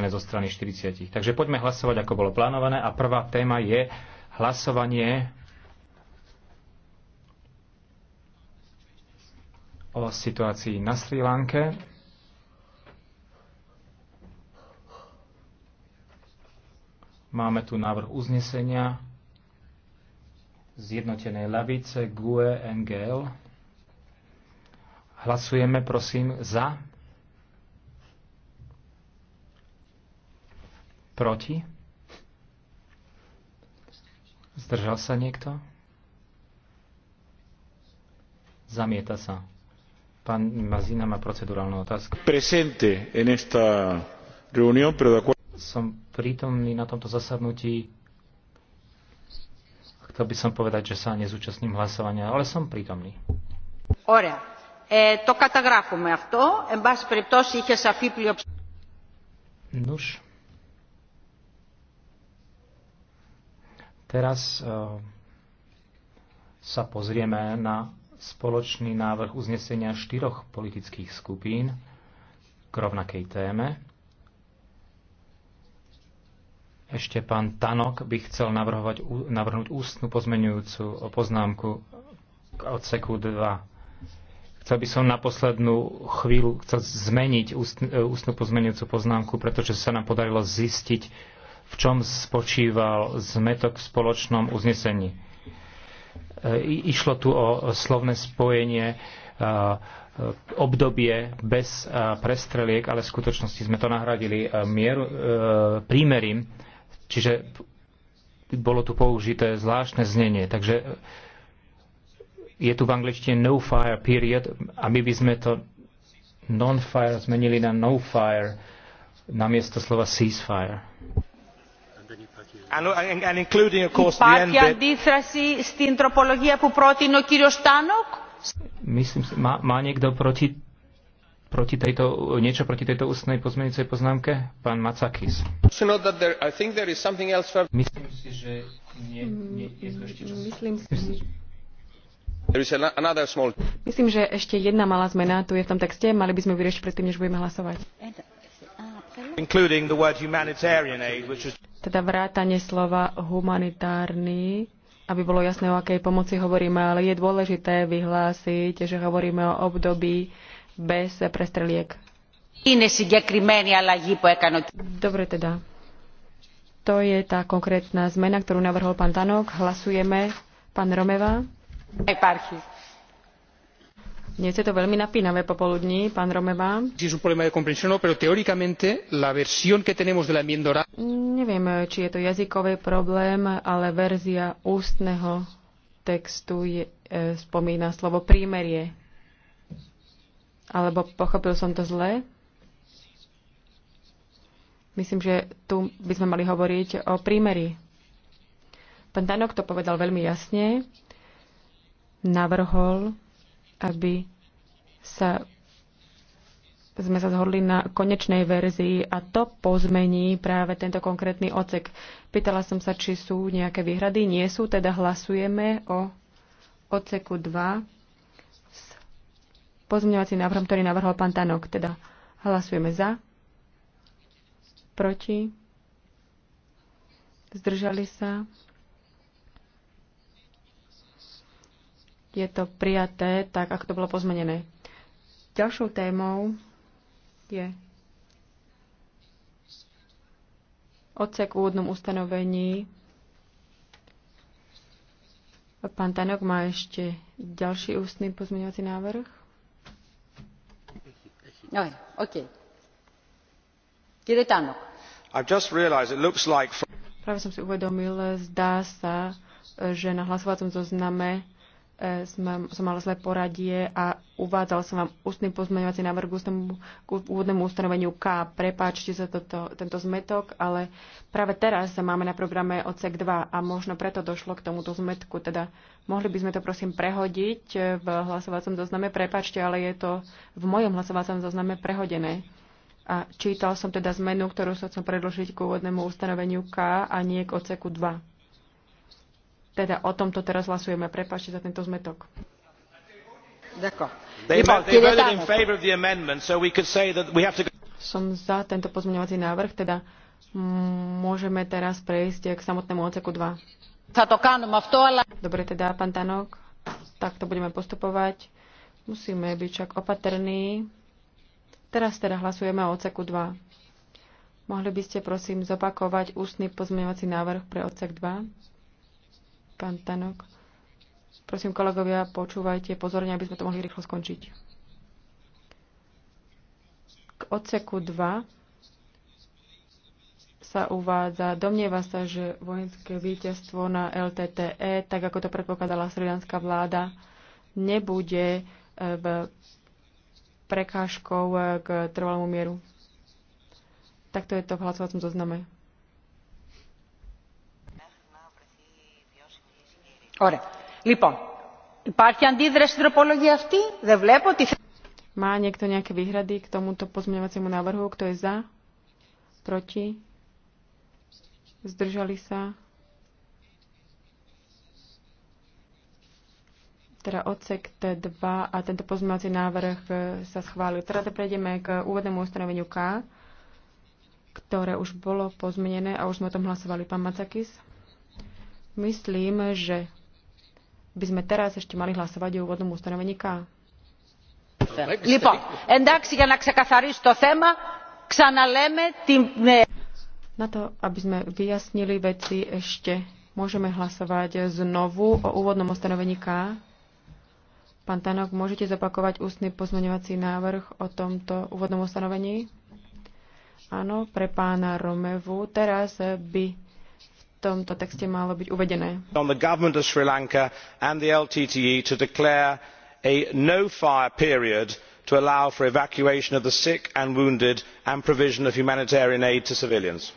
podporené zo strany 40. Takže poďme hlasovať, ako bolo plánované. A prvá téma je hlasovanie o situácii na Sri Lanke. Máme tu návrh uznesenia zjednotenej lavice GUE NGL. Hlasujeme, prosím, za Proti? Zdržal sa niekto? Zamieta sa. Pán Mazina má procedurálnu otázku. Presente en esta reunión, pero de Som prítomný na tomto zasadnutí. Chcel by som povedať, že sa nezúčastním hlasovania, ale som prítomný. Ora, e, Ωραία. Ε, to, en αυτό. Εν πάση περιπτώσει είχε σαφή πλειοψηφία. Νους. Teraz eh, sa pozrieme na spoločný návrh uznesenia štyroch politických skupín k rovnakej téme. Ešte pán Tanok by chcel navrhovať, navrhnúť ústnu pozmenujúcu poznámku k odseku 2. Chcel by som na poslednú chvíľu chcel zmeniť ústnu, ústnu pozmenujúcu poznámku, pretože sa nám podarilo zistiť, v čom spočíval zmetok v spoločnom uznesení. E, išlo tu o slovné spojenie e, obdobie bez e, prestreliek, ale v skutočnosti sme to nahradili mieru, prímerím, čiže bolo tu použité zvláštne znenie. Takže je tu v angličtine no fire period a my by sme to non-fire zmenili na no fire namiesto slova ceasefire. Υπάρχει αντίθραση στην τροπολογία που πρότεινε ο κύριος Τάνοκ. Myslím, má, má niekto proti, proti tejto, niečo proti tejto ústnej pozmeňujúcej poznámke? Pán Macakis. Myslím si, že nie, nie, je to ešte čas. Myslím si, Myslím, že ešte jedna malá zmena tu je v tom texte. Mali by sme vyriešiť predtým, než budeme hlasovať. Including the word humanitarian aid, which is teda vrátanie slova humanitárny, aby bolo jasné, o akej pomoci hovoríme, ale je dôležité vyhlásiť, že hovoríme o období bez prestreliek. Dobre teda. To je tá konkrétna zmena, ktorú navrhol pán Tanok. Hlasujeme. Pán Romeva. Eparchie. Dnes je to veľmi napínavé popoludní, pán Romeva. ¿no? Neviem, či je to jazykový problém, ale verzia ústneho textu je, e, spomína slovo prímerie. Alebo pochopil som to zle? Myslím, že tu by sme mali hovoriť o prímeri. Pán Danok to povedal veľmi jasne. Navrhol, aby sa sme sa zhodli na konečnej verzii a to pozmení práve tento konkrétny ocek. Pýtala som sa, či sú nejaké výhrady. Nie sú, teda hlasujeme o oceku 2 s pozmeňovacím návrhom, ktorý navrhol pán Tanok. Teda hlasujeme za, proti, zdržali sa, je to prijaté tak, ako to bolo pozmenené. Ďalšou témou je odsek v úvodnom ustanovení. Pán Tanok má ešte ďalší ústny pozmeňovací návrh. No, OK. Kde Tanok? Práve som si uvedomil, zdá sa, že na hlasovacom zozname som mala zlé poradie a uvádzal som vám ústny pozmeňovací návrh k, ústnemu, k úvodnému ustanoveniu K. Prepáčte za toto, tento zmetok, ale práve teraz sa máme na programe odsek 2 a možno preto došlo k tomuto zmetku. Teda mohli by sme to prosím prehodiť v hlasovacom zozname. Prepáčte, ale je to v mojom hlasovacom zozname prehodené. A čítal som teda zmenu, ktorú sa chcem predložiť k úvodnému ustanoveniu K a nie k odseku 2. Teda o tomto teraz hlasujeme. Prepašte za tento zmetok. Som za tento pozmeňovací návrh, teda môžeme teraz prejsť k samotnému odseku 2. Dobre, teda, pán Tanok, takto budeme postupovať. Musíme byť však opatrní. Teraz teda hlasujeme o odseku 2. Mohli by ste prosím zopakovať ústny pozmeňovací návrh pre odsek 2? Pán Tanok. Prosím, kolegovia, počúvajte pozorne, aby sme to mohli rýchlo skončiť. K odseku 2 sa uvádza, domnieva sa, že vojenské víťazstvo na LTTE, tak ako to predpokladala sridanská vláda, nebude e, v prekážkou e, k trvalému mieru. Takto je to v hlasovacom zozname. Má niekto nejaké výhrady k tomuto pozmeňovaciemu návrhu? Kto je za? Proti? Zdržali sa? teda odsek T2 a tento pozmeňovací návrh e, sa schválil. Teraz prejdeme k úvodnému ustanoveniu K, ktoré už bolo pozmenené a už sme o tom hlasovali. Pán Macakis? Myslím, že by sme teraz ešte mali hlasovať o úvodnom ustanovení K. Na to, aby sme vyjasnili veci ešte, môžeme hlasovať znovu o úvodnom ustanovení K. Pán Tanok, môžete zopakovať ústny pozmeňovací návrh o tomto úvodnom ustanovení? Áno, pre pána Romevu. Teraz by tomto texte malo byť uvedené. on the government of sri lanka and the ltte to declare a no fire period to allow for evacuation of the sick and wounded and provision of humanitarian aid to civilians.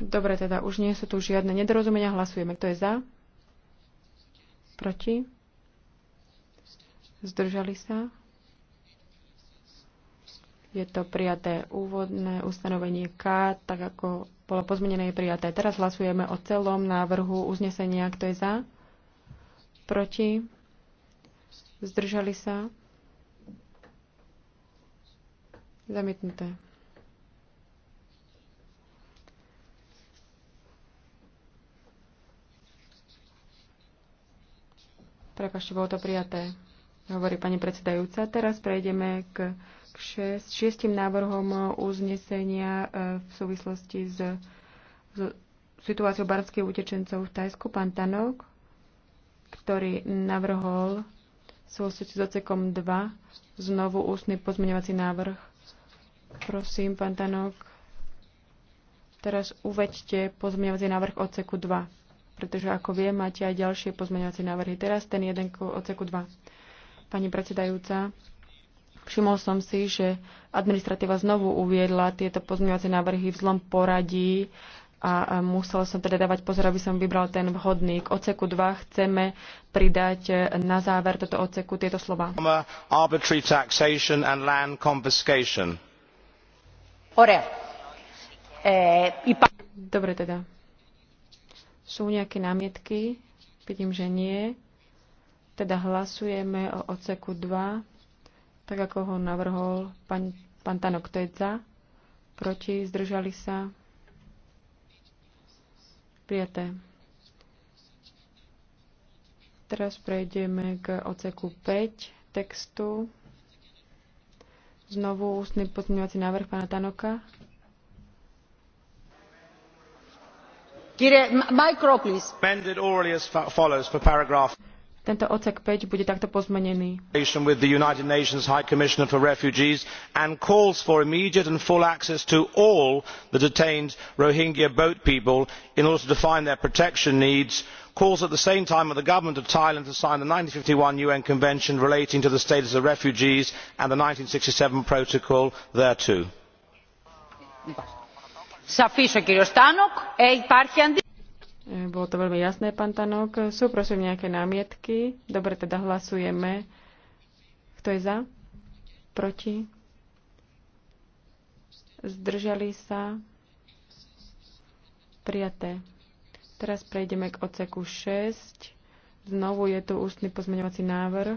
Dobre, teda už nie sú tu žiadne nedorozumenia. Hlasujeme. Kto je za? Proti? Zdržali sa? Je to prijaté úvodné ustanovenie K, tak ako bolo pozmenené je prijaté. Teraz hlasujeme o celom návrhu uznesenia. Kto je za? Proti? Zdržali sa? Zamietnuté. Prepašte, bolo to prijaté hovorí pani predsedajúca. Teraz prejdeme k, k šest, šiestim návrhom uznesenia e, v súvislosti s, s situáciou barských utečencov v Tajsku. Pán Tanok, ktorý navrhol v súvislosti s ocekom 2 znovu ústny pozmeňovací návrh. Prosím, pán Tanok, teraz uveďte pozmeňovací návrh oceku 2 pretože ako viem, máte aj ďalšie pozmeňovacie návrhy. Teraz ten jeden k oceku 2 pani predsedajúca. Všimol som si, že administratíva znovu uviedla tieto pozmeňovacie návrhy v zlom poradí a musela som teda dávať pozor, aby som vybral ten vhodný. K oceku 2 chceme pridať e, na záver toto oceku tieto slova. E, Dobre teda. Sú nejaké námietky? Vidím, že nie. Teda hlasujeme o oceku 2, tak ako ho navrhol pan pan Tanok. Tedza. je za? Proti? Zdržali sa? Prijaté. Teraz prejdeme k oceku 5 textu. Znovu ústny pozmeňovací návrh pána Tanoka. Kire, micro, please. it orally as follows for paragraph tento odsek 5 bude takto pozmenený. with the United Nations High Commissioner for Refugees and calls for immediate and full access to all the detained Rohingya boat people in order to define their protection needs calls at the same time on the government of thailand to sign the one thousand nine hundred and fifty one un convention relating to the status of refugees and the one thousand nine hundred and sixty seven protocol thereto. Bolo to veľmi jasné, pán Tanok. Sú prosím nejaké námietky? Dobre, teda hlasujeme. Kto je za? Proti? Zdržali sa? Prijaté. Teraz prejdeme k oceku 6. Znovu je tu ústny pozmeňovací návrh.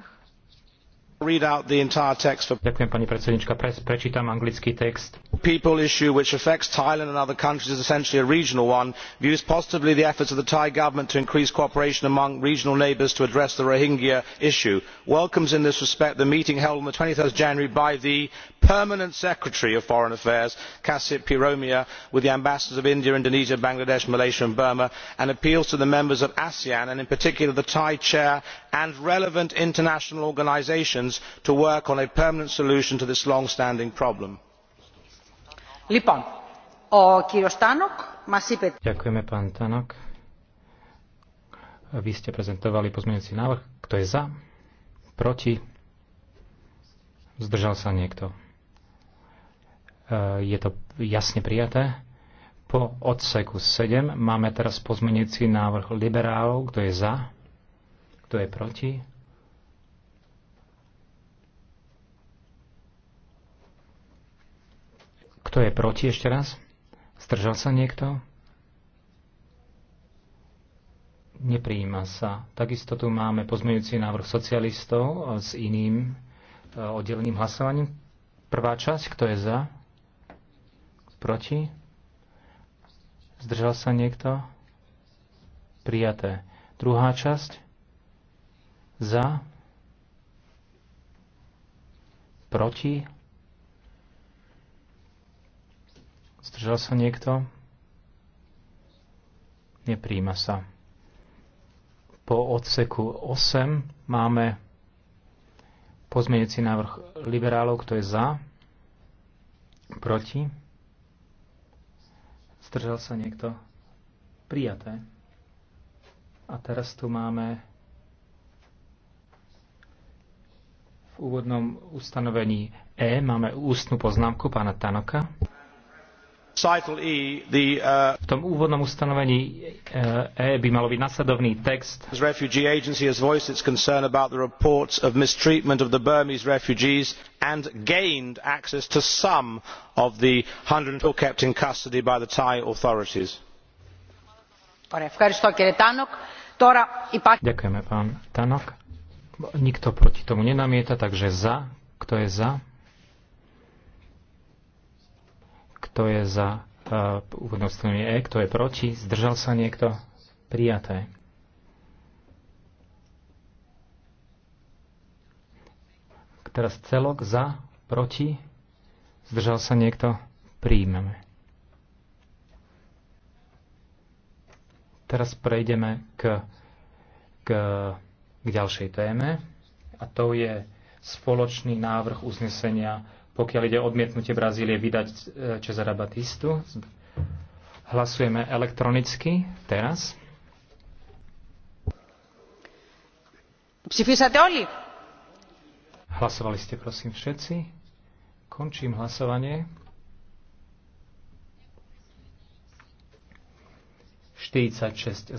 Ďakujem, pani predsednička. Prečítam anglický text people issue which affects thailand and other countries is essentially a regional one views positively the efforts of the thai government to increase cooperation among regional neighbours to address the rohingya issue welcomes in this respect the meeting held on twenty three january by the permanent secretary of foreign affairs kasip Piromia, with the ambassadors of india indonesia bangladesh malaysia and burma and appeals to the members of asean and in particular the thai chair and relevant international organisations to work on a permanent solution to this long standing problem. Ďakujeme, pán Tanok. Vy ste prezentovali pozmeňujúci návrh. Kto je za? Proti? Zdržal sa niekto? E, je to jasne prijaté. Po odseku 7 máme teraz pozmeňujúci návrh liberálov. Kto je za? Kto je proti? Kto je proti ešte raz? Zdržal sa niekto? Nepríjima sa. Takisto tu máme pozmeňujúci návrh socialistov s iným e, oddeleným hlasovaním. Prvá časť, kto je za? Proti? Zdržal sa niekto? Prijaté. Druhá časť? Za? Proti? Zdržal sa niekto? Nepríjma sa. Po odseku 8 máme pozmeňujúci návrh liberálov, kto je za, proti. Zdržal sa niekto? Prijaté. A teraz tu máme v úvodnom ustanovení E máme ústnu poznámku pána Tanoka. E, uh, v tom úvodnom ustanovení uh, E by malo byť nasledovný text. and gained access to some of the 100 kept in custody by the Thai authorities. Ďakujeme, pán Tanok. Nikto proti tomu nenamieta, takže za. Kto je za? Kto je za úvodné eh, E? Kto je proti? Zdržal sa niekto? Prijaté. Teraz celok za, proti, zdržal sa niekto, príjmeme. Teraz prejdeme k, k, k ďalšej téme a to je spoločný návrh uznesenia pokiaľ ide o odmietnutie Brazílie vydať e, Cezara Batistu. Hlasujeme elektronicky teraz. Hlasovali ste prosím všetci. Končím hlasovanie. 46